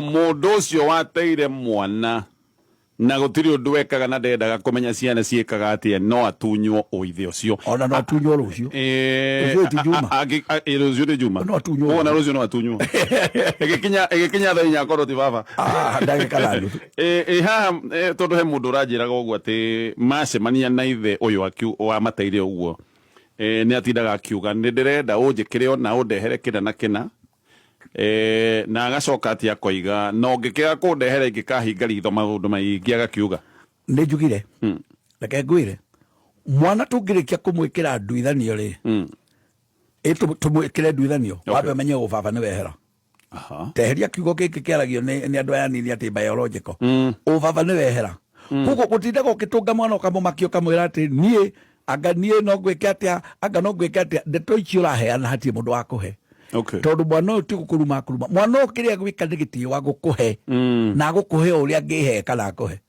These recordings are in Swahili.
koguo mundu ucio wateire mwana na gutiri undu wekaga na ndendaga kumenya ciana ciikaga atia no atunywo uithi ucio ona no atunywo rucio rucio ti juma no ona rucio no atunywo igikinya tha nya koro ti baba ah eh, eh ha eh, todo he mundu uranjiraga uguo ati macemania na ithe uyu mateire uguo eh ni atindaga akiuga ni ndirenda unjikire ona undehere kina na kina e, na agacoka atia koiga no ngikiaga kundehera ingikahinga ritho maundu maingiaga kiuga ni njugire mm. reke ngwire mwana tungirikia kumwikira nduithanio ri mm. e tumwikire nduithanio okay. wambe menye gubaba ni wehera teheria kiugo gä kä kä aragio nä andå aya nini atä biological å hmm. baba nä wehera hmm. koguo gå tindaga å gä tå nga mwana å kamå makio kamwä ra atä niä anga niä no ngwä ke atä a anga no ngwä ke atä a ndeto ici å raheana hatirä må ndå wa kå he okay. tondu mwana uyu ti gukuruma kuruma mwana ukiria gwika ni gitio wa gukuhe mm. na gukuhe uria ngihe kana kuhe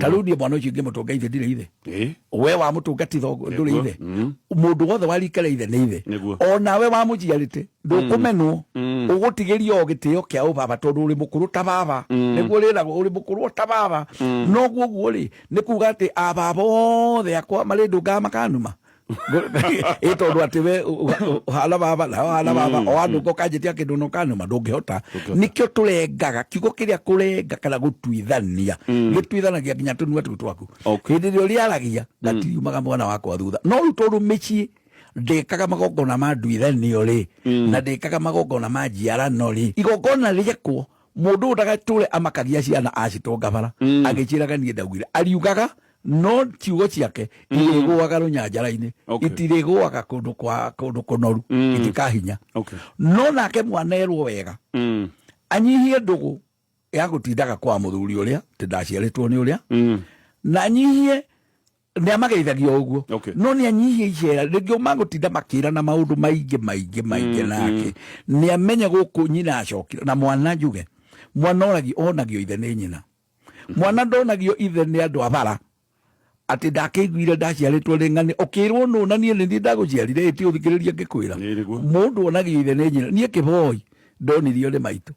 tarudie mwana ucio ngimutunga ithe ndire ithe we mm. wa mutungatitho nduri ithe mundu wothe warikare ithe ni ithe onawe wa mujiarite ndukumenwo ugutigirio mm. gitio kia ubaba tondu uri mukuru ta baba mm. niguo riragwo uri mukuru ta baba noguo guo ri ni kuga ati ababa othe akwa mari ndungaga makanuma ä tondå atä we hana baba nao hana baba mm. o anå nga å kanjä tia kä ndå na å kanåma ndå ngä hota nä kä o tå rengaga kiugo kä rä a kå renga kana gå tuithania mm. gä tuithanagia nginya tå nua tå twaku hä ndä ä rä a å rä aragia gatiriumaga mm. mwana wakwa thutha no rä u tondå mä ciä ndäkaga magongona ma nduithanio rä na ndäkaga magongona ma njiarano rä igongona rĩekwo må ndå å ndagatå re amakagia ciana acitongabara agä njä raga ndaugire ariugaga no ciugo ciake mm. iriguaga runyanjara-ini itiriguaga kundu kwa kundu kunoru mm. itikahinya no nake mwanerwo wega mm. anyihie ndugu ya gutindaga kwa muthuri uria tindaciaritwo ni uria na anyihie nä amageithagia å guo no nä anyihia icera rä ngä å magåtinda makä ra na maå ndå maingä maingä maingä nake nä amenye gå kå nyina acokire na mwana njuge mwana oragio onagio ithe nä nyina mwana ndonagio ithe nä andå a bara atä ndakäiguire ndaciarĩtwo rĩ ng'ani å kä rwo nå na niä nä thiä ndagåciarire ä ti å thikä rä ria ngä kwä ra må ndå onagä ithe nä nyina niä kä hoi ndonirio nä maitå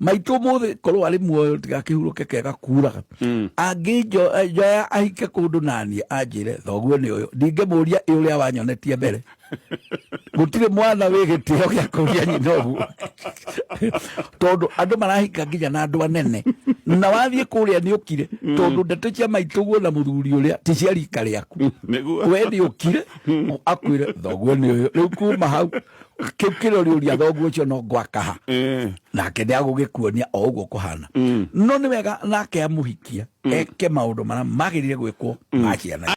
maitå må thä korwo arä muoyo tigakä hurå ke kega kuraga hmm. angä eh, njoya ahike kå ndå nanie anjä re thoguo nä å yå ndingä må ria ä å rä a wanyonetie mbere gå tirä mwana wä gä tä o gä a kå ria nyina å guo tondå andå marahika nginya na andå anene na wathiä kå rä a nä å kire tondå ndeto cia maitå na må thuri å rä a ti cia rika rä aku we nä å kire akwä re thoguo nä å yå rä u kuma hau kä u kä rori å ria thoguo å cio no ngwakaha nake nä agå gä kuonia o å guo kå hana mm. no nä wega nake amå hikia eke maå ndå marä magä rä re gwä kwo maciana mm.